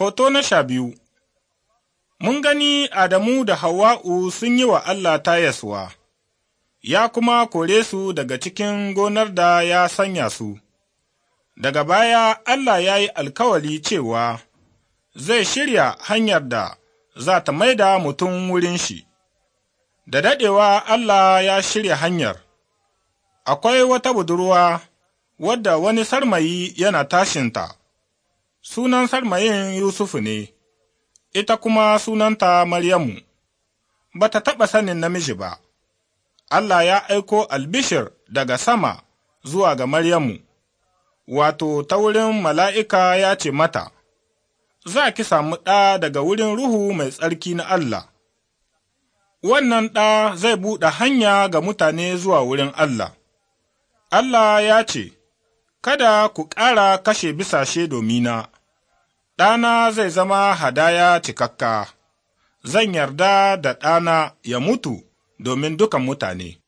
Hoto na sha biyu Mun gani Adamu da Hawwa'u sun yi wa Allah tayaswa, ya kuma kore su daga cikin gonar da ya sanya su, daga baya Allah ya yi alkawali cewa zai shirya hanyar da za ta maida mutum wurin shi. Da daɗewa Allah ya shirya hanyar, akwai wata budurwa wadda wani sarmayi yana tashinta. Sunan Salmayin Yusufu ne, ita kuma sunanta Maryamu, ba ta taɓa sanin namiji ba, Allah ya aiko albishir daga sama zuwa ga Maryamu, wato ta wurin mala'ika ya ce mata, Za ki samu ɗa daga wurin Ruhu mai tsarki na Allah, wannan ɗa zai buɗe hanya ga mutane zuwa wurin Allah. Allah ya ce, Kada ku ƙara kashe bisashe domina, ɗana zai zama hadaya cikakka, zan yarda da ɗana ya mutu domin dukan mutane.